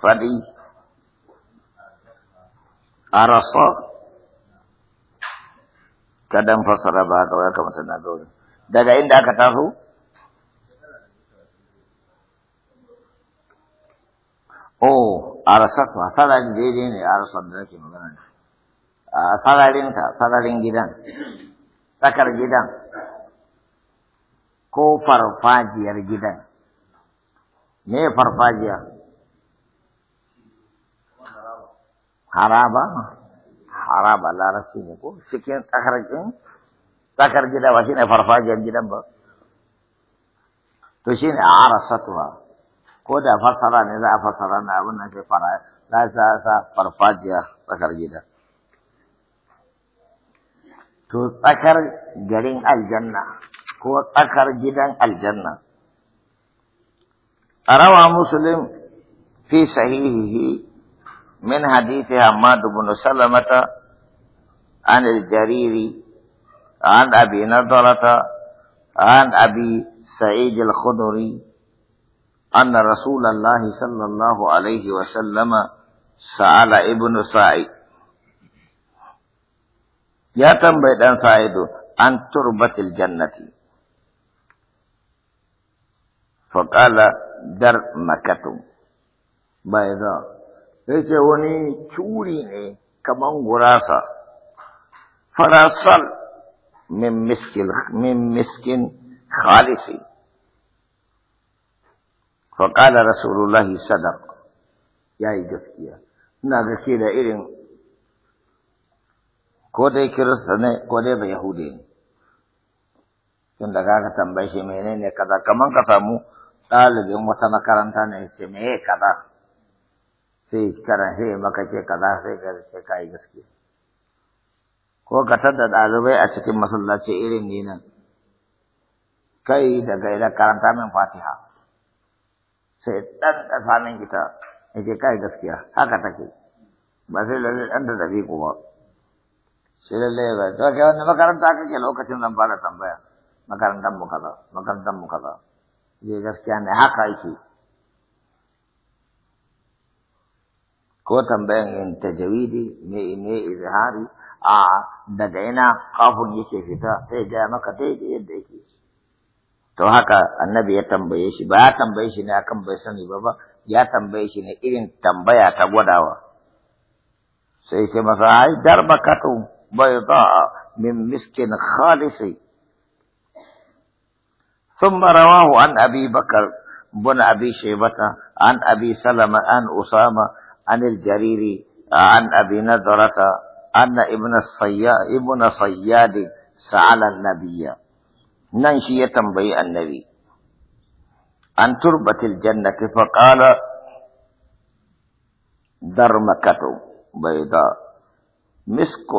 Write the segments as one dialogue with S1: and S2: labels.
S1: Fadi. Arasa. Kadan fasara ba haka ka kamata na gauri. Daga inda aka taso? Oh, arasat ba, salarin daidai ne arasa da nake magana. A salarinta, salarin gidan, tsakar gidan, ko farfajiyar gidan. me farfajiya haraba haraba larabci ne ko cikin tsakar tsakar gida ba shine farfajiyar gidan ba to shine arasatuwa ko da fasara ne za a fasara na abin nan sai fara za sa sa farfajiya tsakar gida to tsakar garin aljanna ko tsakar gidan aljanna روى مسلم في صحيحه من حديث حماد بن سلمة عن الجريري عن أبي نضرة عن أبي سعيد الخدري أن رسول الله صلى الله عليه وسلم سأل ابن سعيد يا تنبيت أن سعيد عن تربة الجنة فقال در مكتم بيضاء ايش وني چوري ني كمان غراسا فراسل من مسك من مسك خالص فقال رسول الله صدق يا جفتيا نغشي لا ايرين كودي كرسنه كودي بيهودين كن دغا تنبشي منين كذا كمان كسامو ɗalibin wata makaranta ne ce me ya kaza sai karan he maka ke kaza sai ka ce ka yi gaske ko ka tada ɗalibai a cikin masallaci irin ni nan kai daga ila karanta min fatiha sai dan da samin ita yake kai gaskiya haka take ba sai lalle dan da dabi ba sai lalle ba to kai wannan makaranta kake lokacin zan fara tambaya makarantar mu kaza makarantar mu kaza ya eh, gaskiya ne haka yake ko tambayan in tajawidi me ne izhari a daga ina kafin yake fita sai ga maka daidai yadda yake to haka annabi ya tambaye shi ba ya tambaye shi ne akan bai sani ba ba ya tambaye shi ne irin tambaya ta gwadawa sai ce masa ai darbakatu bayda min miskin khalisi ثم رواه عن أبي بكر بن أبي شيبة عن أبي سلمة عن أسامة عن الجريري عن أبي نذرة أن ابن الصياد ابن صياد سأل النبي ننشي بي النبي عن تربة الجنة فقال درمكة بيضاء مسك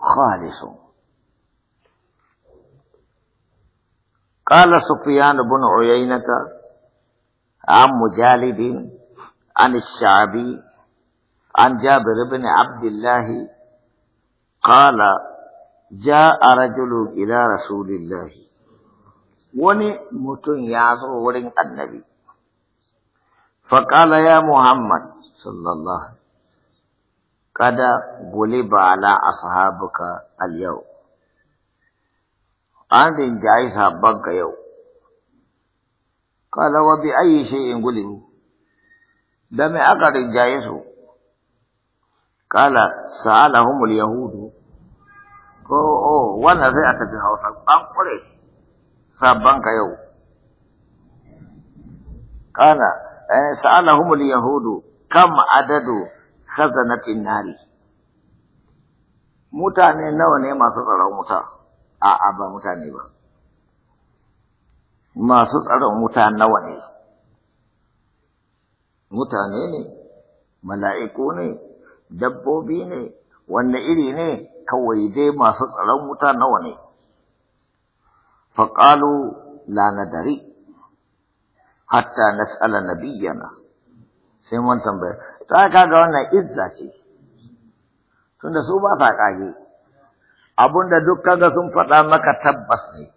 S1: خالص قال سفيان بن عيينة عن مجالد عن الشعبي عن جابر بن عبد الله قال جاء رجل إلى رسول الله وني متن يعظر ورن النبي فقال يا محمد صلى الله عليه وسلم قد غلب على أصحابك اليوم an rinjayi sabon ka yau kala wa bi ayi in guli da me aka rinjaye su kala sa'alahumul yahudu ko o wannan sai aka ji hausa an kure sabon ka yau kala eh, sa'alahumul yahudu kam adadu khazanatin nari mutane nawa ne masu tsaron wuta a'a ba mutane ba masu tsaron wuta nawa ne mutane ne mala'iku ne dabbobi ne wanne iri ne kawai dai masu tsaron wuta nawa ne faƙalu lanadari hatta na biyana sai mun tambaya ta kaga wannan izza ce tunda su ba ta ƙage da duk kaga sun faɗa maka tabbas ne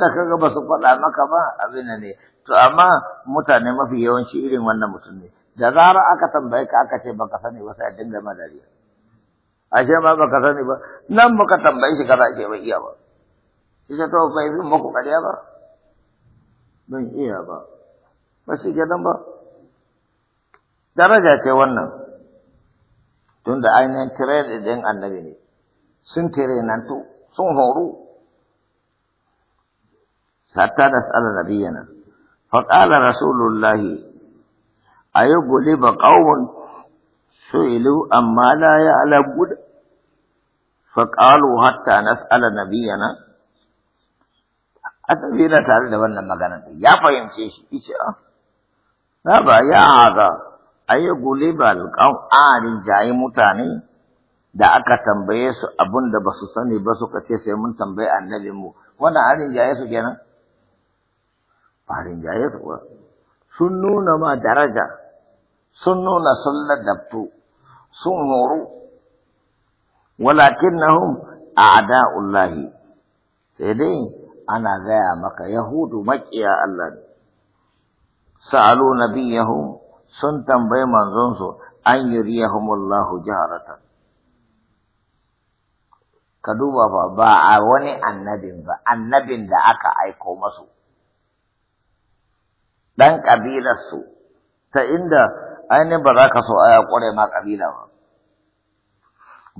S1: da kaga ba su faɗa maka ba abin ne to amma mutane mafi yawanci irin wannan mutum ne da zarar aka tambaye ka aka ce baka sani ba sai dinga ma dariya ashe ma baka sani ba nan muka tambaye shi kaza ce bai iya ba ita to bai yi muku kariya ba ban iya ba ba shi gidan ba daraja ce wannan tunda ainihin tirai din annabi ne sun tirenantu sun horu hatta da sa'ala nabiyana faqala rasulullahi ba qaumun su'ilu amma la ya'lamun faqalu hatta nas'ala nabiyana annabi yana tare da wannan magana ya fahimce shi yace a ah, na ba ya haza ayi ba qaum a jayi mutane da aka tambaye su abunda da ba su sani ba suka ce sai mun tambaye annabin mu wannan an rinjaye su kenan ba rinjaye su sun nuna ma daraja sun nuna sun ladabtu sun horo a a'da'ullahi sai dai ana gaya maka yahudu maƙiya Allah ne sa'alu nabiyahum sun tambayi manzonsu an yuriyahumullahu jaharatan ka duba ba ba a wani annabin ba annabin da aka aiko masu ɗan ƙabilarsu ta inda ainihin ba za ka so a ƙure ma ƙabila ba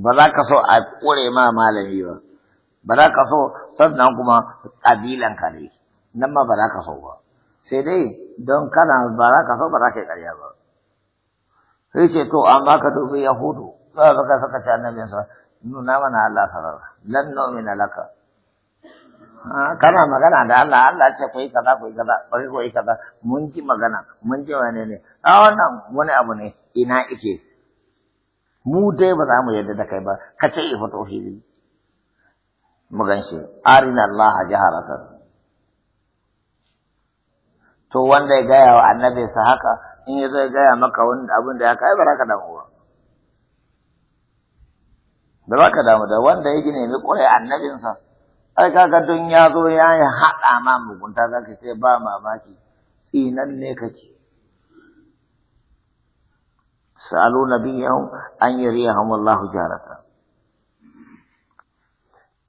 S1: ba za ka so a ƙure ma malami ba ba za ka so sannan kuma ƙabilan ka ne nan ma ba za ka so ba sai dai don kana ba za ka so ba za ka yi ƙarya ba sai ce to an ba ka dubi yahudu za ka saka ci annabinsa nuna mana Allah sarar lan na laka ah, kana magana da Allah Allah ce ku kaza ku kaza bari ku kaza mun ji magana mun ji wane ne a ah, wannan wani abu ne ina ike mu dai ba za mu yarda da kai ba ka ce ifa tauhidi mu gan shi arina Allah jaharatan to wanda ya gaya wa annabi sa haka in ya zai gaya maka wani abin da ya kai ba za ka ba da za ka damu da wanda ya gina mai ƙwarai annabinsa ai kaga don ya zo ya yi haɗa ma mugunta za ka ce ba mamaki tsinan ne kake na nabiyahu an yi yariyahum Allahu jarata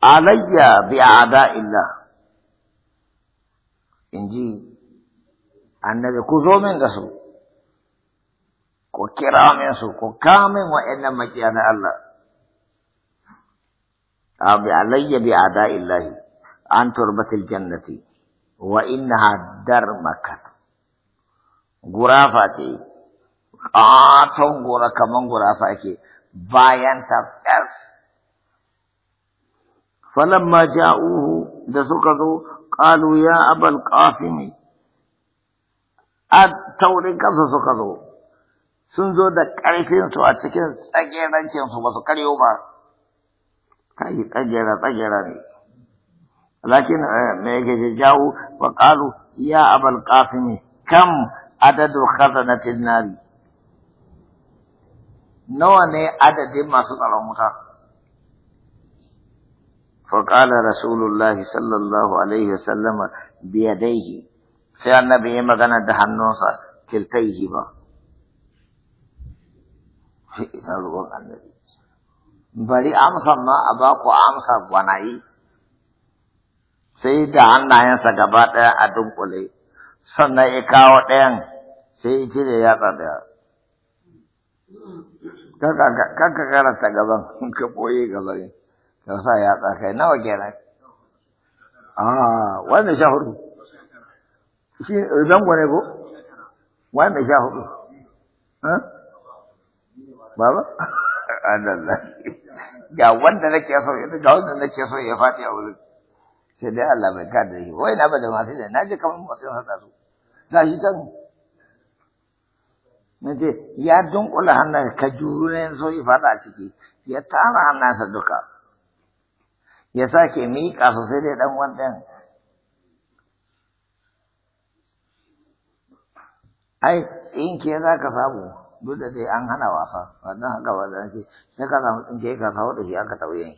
S1: alayya bi illa. inji annabi ku zo min gasu ko kira min su ko kamin wa'annan makiya na Allah علي بأعداء الله عن تربة الجنة وإنها درمكة غرافة قاتل غرا كمان غرافة باين تفكس فلما جاءوه دسوكتو قالوا يا أبا القاسم التورين كذا سوكتو سنزو دكارفين سواتكين سكينان كين سوما سكريوما هاي تجرى تجرى دي لكن آه، جاءوا وقالوا يا أبا القاسم كم عدد خزنة النار نوع نے عدد ما سطر فقال رسول الله صلى الله عليه وسلم بيديه سيدنا النبي مغنى دهنوسا با في إذا النبي bari amsa ma a ba ku amsa gwanayi sai da hannayensa gaba ɗaya a dunkule sannan ya kawo ɗayan sai ya cire yatsa ɗaya kanka karanta gaban ka ɓoye gaban ka sa yatsa kai nawa kenan ah wanda sha hudu shi zango ne ko wanda sha hudu Baba? Allah ga wanda nake so ya ga wanda nake so ya fati a wurin sai dai Allah bai kada shi wai na bada masu da naji kamar masu hada su can na ce ya dunkula hannun ka ne so ya fada a ciki ya tara hannunsa duka ya sake miƙa su sai dai dan wannan ai in ke za ka samu බුද්ධදී අං හනවහ වදා කවදන්ති සකලම් ජේක තවද හියකට වෙයි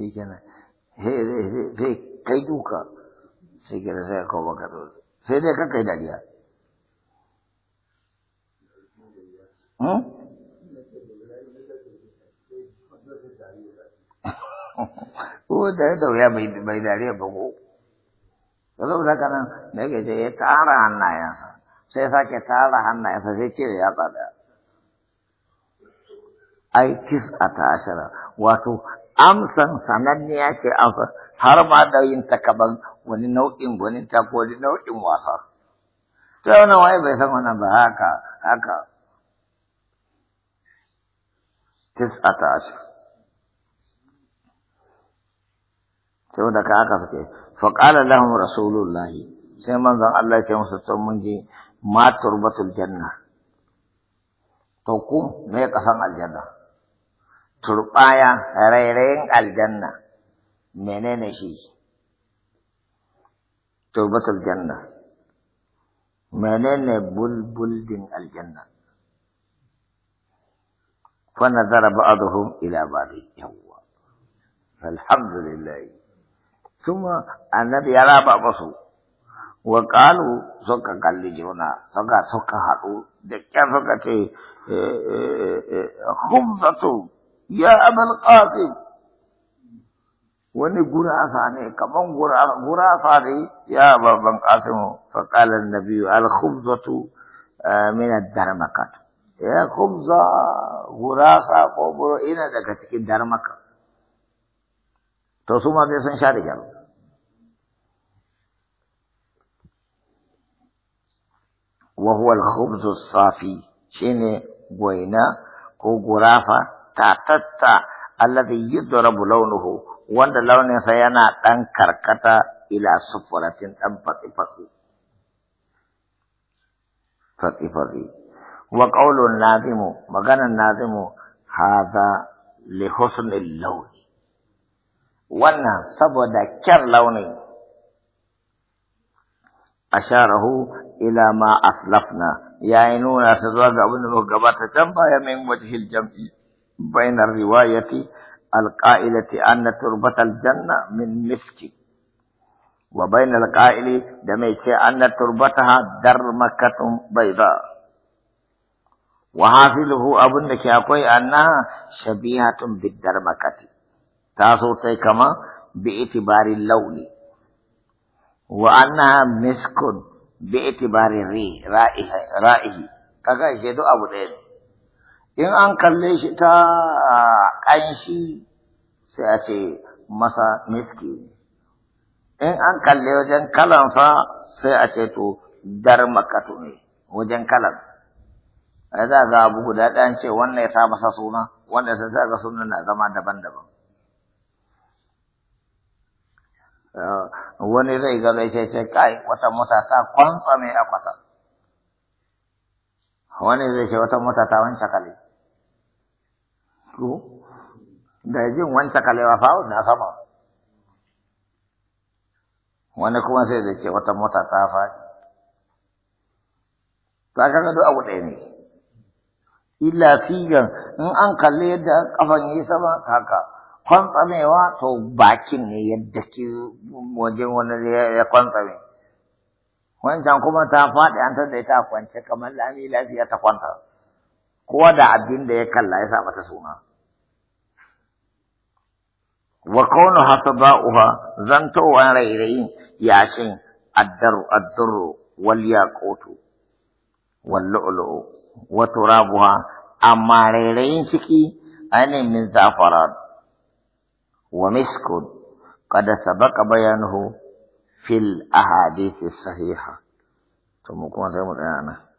S1: ඒකන හේ හේ හේ කයි දුක සේකරසේ කවකට සේදක කයිදලිය හ්ම් ඌ දැන් දෝය බයි බයි දාලිය බකෝ ဘုလိုလက္ခဏာလက်ကြည့်ရတာရဏာယ sai sake tara hannayensa sai cire yatsa ɗaya ai kis a ta ashara wato amsan sananniya ce amsa har ma da yin takaban wani nau'in wani ta wani nau'in wasa to wannan waye bai san wannan ba haka haka kis a ta ashara saboda ka haka suke faƙala lahum rasulullahi sai manzan Allah ya ce musu to mun ji ما تربة الجنة تقوم ميك أسام الجنة تربايا ريرين الجنة منين شيء تربة الجنة منين بلبل دين الجنة فنظر بعضهم إلى بعض يوا فالحمد لله ثم النبي يرى بعضهم wa qalu suka kalli juna suka suka haɗu da ƙyar suka ce e, e, e, ya abul qasim wani gurasa ne kaman gurasa ne ya babban qasimu fa qala an-nabi al-khubzatu min ad ya gurasa ko buro ina daga cikin darmaka to su ma sai sun sha da وهو الخبز الصافي شيني بوينا كو غرافة تا تتا الذي يضرب لونه وند لونه سينا تن كركتا إلى صفرة تن فتي فتي وقول النادم مغان النادم هذا لحسن اللون وانا سبو دا كر لوني أشاره الى ما اسلفنا يا يعينون سدواد ابن الوقبة يا من وجه الجمع بين الرواية القائلة ان تربة الجنة من مسك وبين القائل دميشي ان تربتها در مكة بيضاء وحاصله ابن نكاكوي انها شبيهة بالدر مكة تيكما كما باعتبار اللون وانها مسك bi itibari ri ra'ihi kaga shi duk abu ɗaya in an kalle shi ta ƙanshi sai a ce masa miski in an kalle wajen kalansa sai a ce to darmakatu ne wajen kalan za ga abu guda ɗayan ce wannan ya sa masa suna wanda sai ga sunan na zama daban-daban Eh, wani zai ga sai sai kai wata mota ta kwansa mai akwata wani zai ce wata mota ta wancan kale ko da jin wancan wa fa na sama wani kuma sai zai ce wata mota ta faɗi ta kaga duk abu ɗaya ne illa fiyan in an kalle yadda kafan yi sama haka kwantsamewa to bakin ne yadda ke wajen wani ya kwantsame wancan kuma ta faɗi an da ta kwance kamar lami lafiya ta kwanta kowa da abin da ya kalla ya sa ta suna wa kaunu hasaba'uha zantowa rairayin yashin addaru addurru wal yaqutu wal lu'lu'u wa turabuha amma rairayin ciki ainihin min zafaran ومسك قد سبق بيانه في الأحاديث الصحيحة ثم قمت تعمل